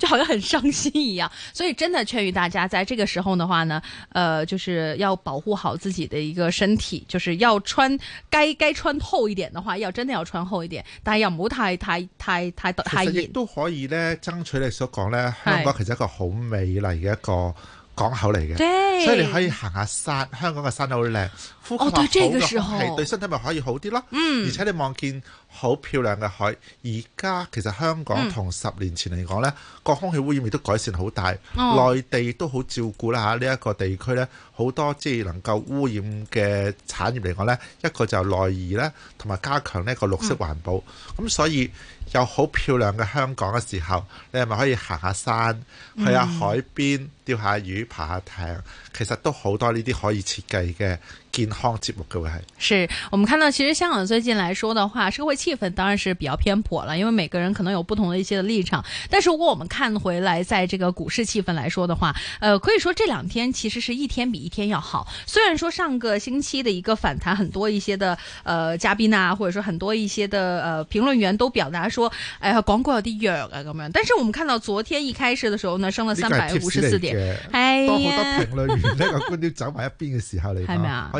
就好像很傷心一樣，所以真的勸喻大家，在這個時候的話呢，呃，就是要保護好自己的一個身體，就是要穿該該穿厚一點的話，要真的要穿厚一點，但係又唔好太太太太熱。其實亦都可以呢，爭取你所講呢，香港其實一個好美麗嘅一個港口嚟嘅，所以你可以行下山，香港嘅山好靚，呼吸好嘅空氣，對身體咪可以好啲咯。嗯，而且你望見。好漂亮嘅海，而家其實香港同十年前嚟講呢個、嗯、空氣污染亦都改善好大，哦、內地都好照顧啦嚇呢一個地區呢，好多即係能夠污染嘅產業嚟講呢一個就內移啦，同埋加強呢個綠色環保。咁、嗯、所以有好漂亮嘅香港嘅時候，你係咪可以行下山，去下海邊釣下魚，爬下艇，嗯、其實都好多呢啲可以設計嘅。健康節目各位，係，是我們看到其實香港最近來說的話，社會氣氛當然是比較偏頗了。因為每個人可能有不同的一些的立場。但是，如果我們看回來，在這個股市氣氛來說的話，呃，可以說這兩天其實是一天比一天要好。雖然說上個星期的一個反彈很多一些的，呃，嘉賓啊，或者說很多一些的，呃，評論員都表達說，哎呀，港股有啲弱啊咁樣。但是我們看到昨天一開始的時候呢，呢升了三百五十四點，哎呀，多好多評論員呢，個觀點走埋一邊嘅時候你係咪啊？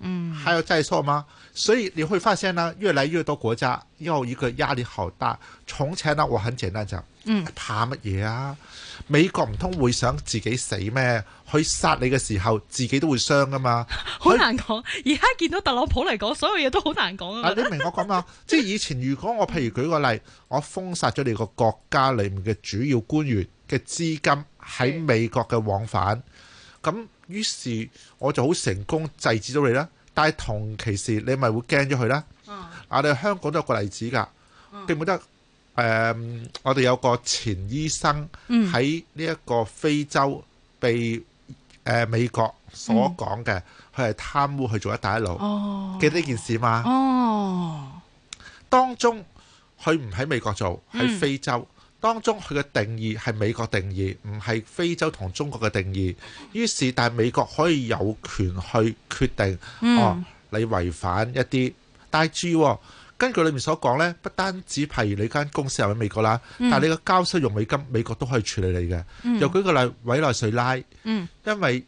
嗯，係有制裁嘛？所以你會發現啦，越嚟越多國家因為一個壓力好大。從前呢，我很簡單講，嗯，怕乜嘢啊？美國唔通會想自己死咩？去殺你嘅時候，自己都會傷噶嘛。好難講，而家見到特朗普嚟講，所有嘢都好難講 啊。你明我講嘛？即係以前，如果我譬如舉個例，嗯、我封殺咗你個國家裏面嘅主要官員嘅資金喺美國嘅往返，咁、嗯。嗯於是，我就好成功制止咗你啦。但係同其時，你咪會驚咗佢啦。啊，我哋香港都有個例子㗎，記唔、嗯、記得誒、嗯，我哋有個前醫生喺呢一個非洲被誒、呃、美國所講嘅，佢係、嗯、貪污去做一帶一路，記得呢、哦、件事嘛。哦，當中佢唔喺美國做，喺非洲。嗯當中佢嘅定義係美國定義，唔係非洲同中國嘅定義。於是，但係美國可以有權去決定，嗯、哦，你違反一啲。但係注意、哦，根據裏面所講呢，不單止譬如你間公司喺美國啦，但係你個交收用美金，嗯、美國都可以處理你嘅。又舉個例，委內瑞拉，因為。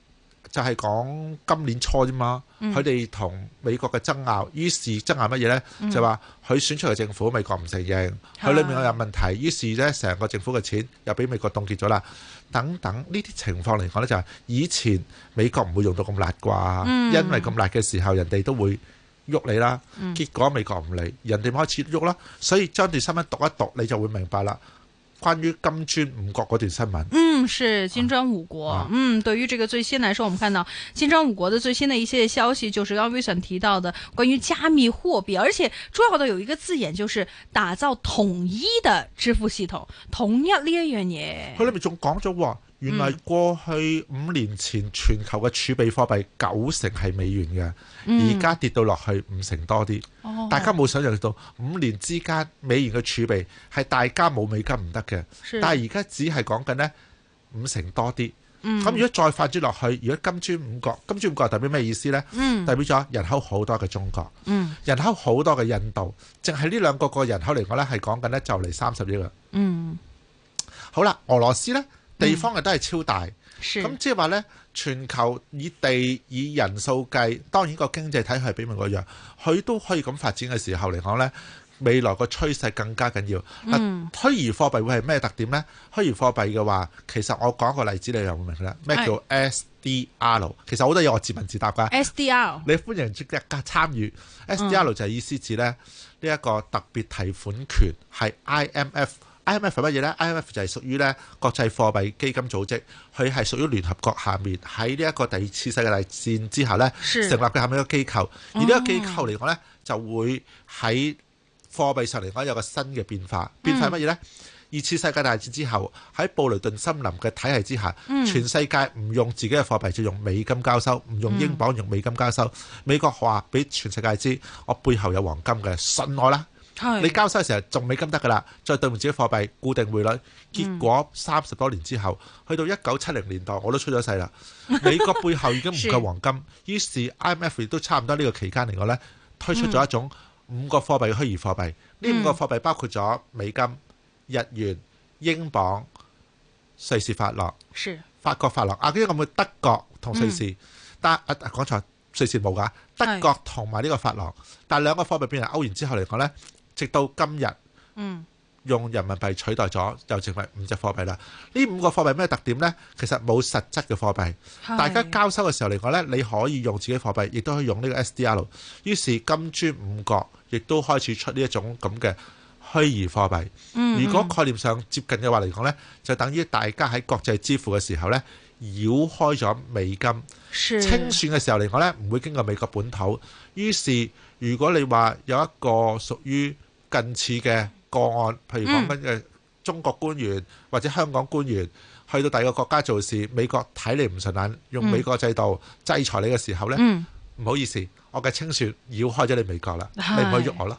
就係講今年初啫嘛，佢哋同美國嘅爭拗，於是爭拗乜嘢呢？嗯、就話佢選出嚟政府，美國唔承認，佢裏、嗯、面有問題，於是呢，成個政府嘅錢又俾美國凍結咗啦。等等呢啲情況嚟講呢，就係、是、以前美國唔會用到咁辣啩，嗯、因為咁辣嘅時候，人哋都會喐你啦。嗯、結果美國唔理，人哋開始喐啦，所以將段新聞讀一讀，你就會明白啦。關於金磚五國嗰段新聞，嗯，是金磚五國，啊、嗯，對於這個最新來說，我們看到金磚五國的最新的一些消息，就是剛 Wilson 提到的關於加密貨幣，而且重要的有一個字眼，就是打造統一的支付系統，統一呢一樣嘢，佢裏面仲講咗喎。原來過去五年前全球嘅儲備貨幣九成係美元嘅，而家、嗯、跌到落去五成多啲。哦、大家冇想象到五年之間美元嘅儲備係大家冇美金唔得嘅，是但係而家只係講緊呢五成多啲。咁、嗯、如果再發展落去，如果金磚五國，金磚五國代表咩意思呢？代表咗人口好多嘅中國，嗯、人口好多嘅印度，淨係呢兩個個人口嚟講呢係講緊呢就嚟三十億啦。億嗯，好啦，俄羅斯呢。地方嘅都係超大，咁即係話呢，全球以地以人數計，當然個經濟體系係比唔同個樣，佢都可以咁發展嘅時候嚟講呢，未來個趨勢更加緊要。虛擬、嗯、貨幣會係咩特點呢？虛擬貨幣嘅話，其實我講個例子你又會明啦。咩叫 SDR？是其實好多嘢我自問自答噶。SDR 你歡迎參加參與 SDR、嗯、就係意思指呢，呢、這、一個特別提款權係 IMF。IMF 係乜嘢咧？IMF 就係屬於咧國際貨幣基金組織，佢係屬於聯合國下面喺呢一個第二次世界大戰之後咧成立嘅下面一個機構。而呢個機構嚟講咧，就會喺貨幣上嚟講有個新嘅變化。變化係乜嘢咧？二次世界大戰之後喺布雷頓森林嘅體系之下，全世界唔用自己嘅貨幣，就用美金交收，唔用英鎊用美金交收。美國話俾全世界知，我背後有黃金嘅，信我啦。對你交收嘅時候仲美金得噶啦，再兌換自己貨幣固定匯率，結果三十多年之後，嗯、去到一九七零年代我都出咗世啦。美國背後已經唔夠黃金，於 是，是 IMF 亦都差唔多呢個期間嚟講呢推出咗一種五個貨幣嘅虛擬貨幣。呢、嗯、五個貨幣包括咗美金、日元、英鎊、瑞士法郎、是法國法郎。啊，跟住會唔會德國同瑞士？嗯、但啊講錯、啊，瑞士冇噶，德國同埋呢個法郎。是但兩個貨幣變成歐元之後嚟講呢。直到今日，用人民幣取代咗，又成為五隻貨幣啦。呢五個貨幣咩特點呢？其實冇實質嘅貨幣，大家交收嘅時候嚟講呢，你可以用自己貨幣，亦都可以用呢個 SDR。於是金磚五國亦都開始出呢一種咁嘅虛擬貨幣。如果概念上接近嘅話嚟講呢，就等於大家喺國際支付嘅時候呢，繞開咗美金，清算嘅時候嚟講呢，唔會經過美國本土。於是如果你話有一個屬於近次嘅個案，譬如講緊嘅中國官員、嗯、或者香港官員去到第二個國家做事，美國睇你唔順眼，用美國制度制裁你嘅時候咧，唔、嗯、好意思，我嘅清算繞開咗你美國啦，你唔可以喐我咯。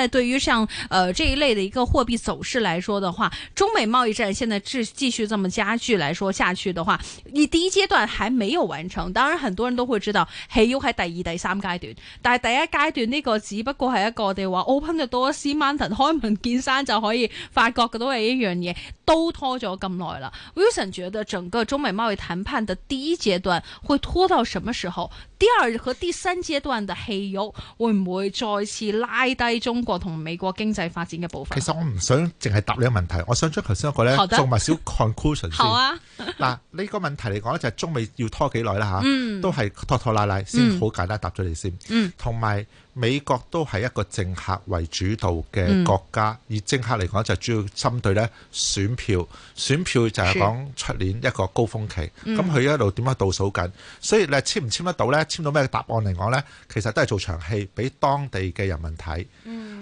對於像呃這一類的一個貨幣走勢來說的話，中美貿易戰現在繼續這麼加劇來說下去的話，你第一階段還沒有完成，當然很多人都會知道，還要喺第二、第三階段。但係第一階段呢個只不過係一個，你話 open the door, see mountain，開門見山就可以發覺嘅都係一樣嘢，都拖咗咁耐啦。Wilson 覺得整個中美貿易談判的第一階段會拖到什麼時候？第二、第三階段嘅戲肉，會唔會再次拉低中國同美國經濟發展嘅步伐？其實我唔想淨係答呢個問題，我想將頭先嗰個咧做埋小 conclusion 先。嗱好、啊，呢、 呢個問題嚟講咧，就係、是、中美要拖幾耐啦吓，啊嗯、都係拖拖拉拉先好簡單答咗你先。同埋、嗯嗯、美國都係一個政客為主導嘅國家，嗯嗯、以政客嚟講就是、主要針對咧選票，選票就係講出年一個高峰期，咁佢、嗯、一路點樣倒數緊，所以你簽唔簽得到呢？簽到咩答案嚟講呢？其實都係做場戲，俾當地嘅人民睇，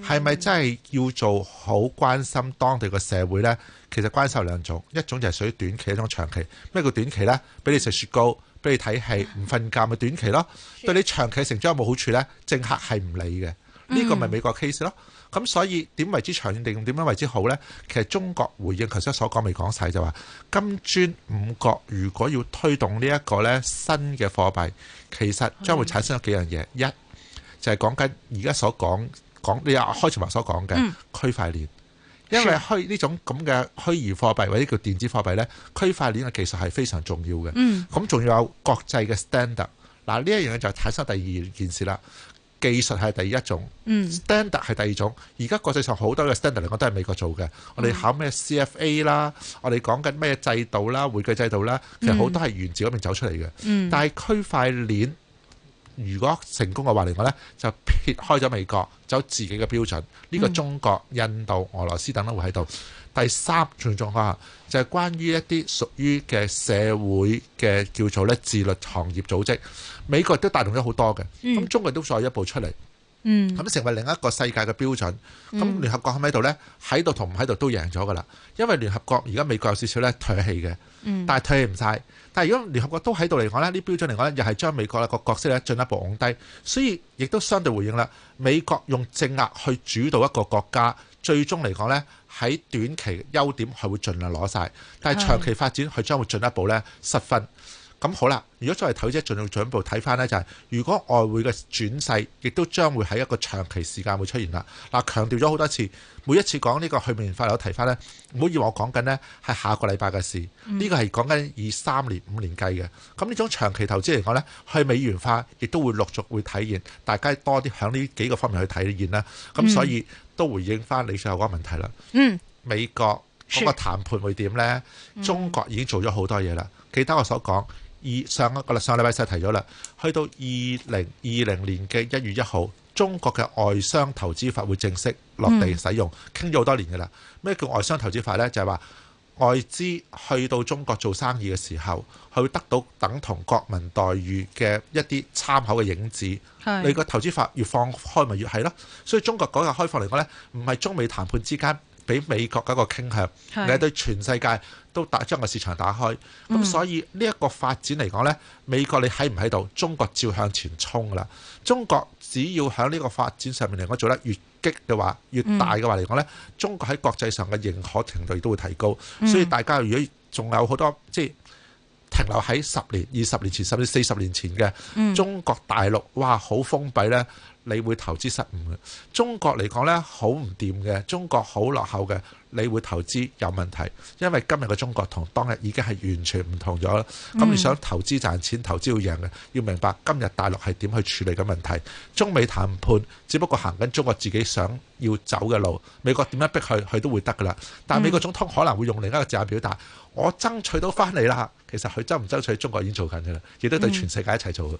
係咪真係要做好關心當地嘅社會呢？其實關心有兩種，一種就係屬於短期，一種長期。咩叫短期呢？俾你食雪糕，俾你睇戲，唔瞓覺咪、就是、短期咯。對你長期成長有冇好處呢？政客係唔理嘅，呢、呢個咪美國的 case 咯。咁所以點為之長遠定點樣為之好呢？其實中國回應頭先所講未講晒，就話金磚五國如果要推動呢一個咧新嘅貨幣，其實將會產生咗幾樣嘢。嗯、一就係、是、講緊而家所講講你阿開頭話所講嘅區塊鏈，嗯、因為虛呢種咁嘅虛擬貨幣或者叫電子貨幣呢，區塊鏈嘅技術係非常重要嘅。咁仲要有國際嘅 standard，嗱，呢一樣嘢就產生第二件事啦。技術係第一種 standard 係第二種。而家國際上好多嘅 standard 嚟講都係美國做嘅。我哋考咩 CFA 啦，我哋講緊咩制度啦，會計制度啦，其實好多係源自嗰邊走出嚟嘅。但係區塊鏈，如果成功嘅話嚟講呢，就撇開咗美國，走自己嘅標準。呢個中國、印度、俄羅斯等等都會喺度。第三種狀況就係、是、關於一啲屬於嘅社會嘅叫做咧自律行業組織，美國都帶動咗好多嘅，咁、嗯、中國都再一步出嚟，咁、嗯、成為另一個世界嘅標準。咁、嗯、聯合國喺喺度呢，喺度同唔喺度都贏咗噶啦，因為聯合國而家美國有少少咧退氣嘅，但係退氣唔晒。但係如果聯合國都喺度嚟講呢，啲標準嚟講呢，又係將美國嘅個角色咧進一步降低，所以亦都相對回應啦。美國用政壓去主導一個國家，最終嚟講呢。喺短期優點，佢會盡量攞晒，但係長期發展，佢將會進一步咧失分。咁的好啦，如果作為投資者進一步睇翻呢就係、是、如果外匯嘅轉勢，亦都將會喺一個長期時間會出現啦。嗱，強調咗好多次，每一次講呢個去美元化，我提翻呢，唔好以為我講緊呢係下個禮拜嘅事，呢、嗯、個係講緊以三年五年計嘅。咁呢種長期投資嚟講呢，去美元化亦都會陸續會體現，大家多啲喺呢幾個方面去體現啦。咁所以。嗯都回應翻你最後嗰個問題啦。嗯，美國嗰個談判會點呢？嗯、中國已經做咗好多嘢啦。記得我所講，上一個啦，上個禮拜成日提咗啦。去到二零二零年嘅一月一號，中國嘅外商投資法會正式落地使用，傾咗好多年㗎啦。咩叫外商投資法呢？就係話，外資去到中國做生意嘅時候，佢會得到等同國民待遇嘅一啲參考嘅影子。是你個投資法越放開，咪越係咯。所以中國改革開放嚟講呢，唔係中美談判之間。俾美國嗰個傾向，是你對全世界都打將個市場打開，咁、嗯、所以呢一個發展嚟講呢，美國你喺唔喺度，中國照向前衝噶啦。中國只要喺呢個發展上面嚟講做得越激嘅話，越大嘅話嚟講呢，嗯、中國喺國際上嘅認可程度都會提高。嗯、所以大家如果仲有好多即係停留喺十年、二十年前甚至四十年前嘅、嗯、中國大陸，哇，好封閉呢。你會投資失誤嘅，中國嚟講呢好唔掂嘅，中國好落後嘅，你會投資有問題，因為今日嘅中國同當日已經係完全唔同咗啦。咁你、嗯、想投資賺錢，投資要贏嘅，要明白今日大陸係點去處理嘅問題。中美談判只不過行緊中國自己想要走嘅路，美國點樣逼佢，佢都會得㗎喇。但美國總統可能會用另一個字眼表達，嗯、我爭取到翻嚟啦。其實佢爭唔爭取中國已經做緊㗎喇，亦都對全世界一齊做的。嗯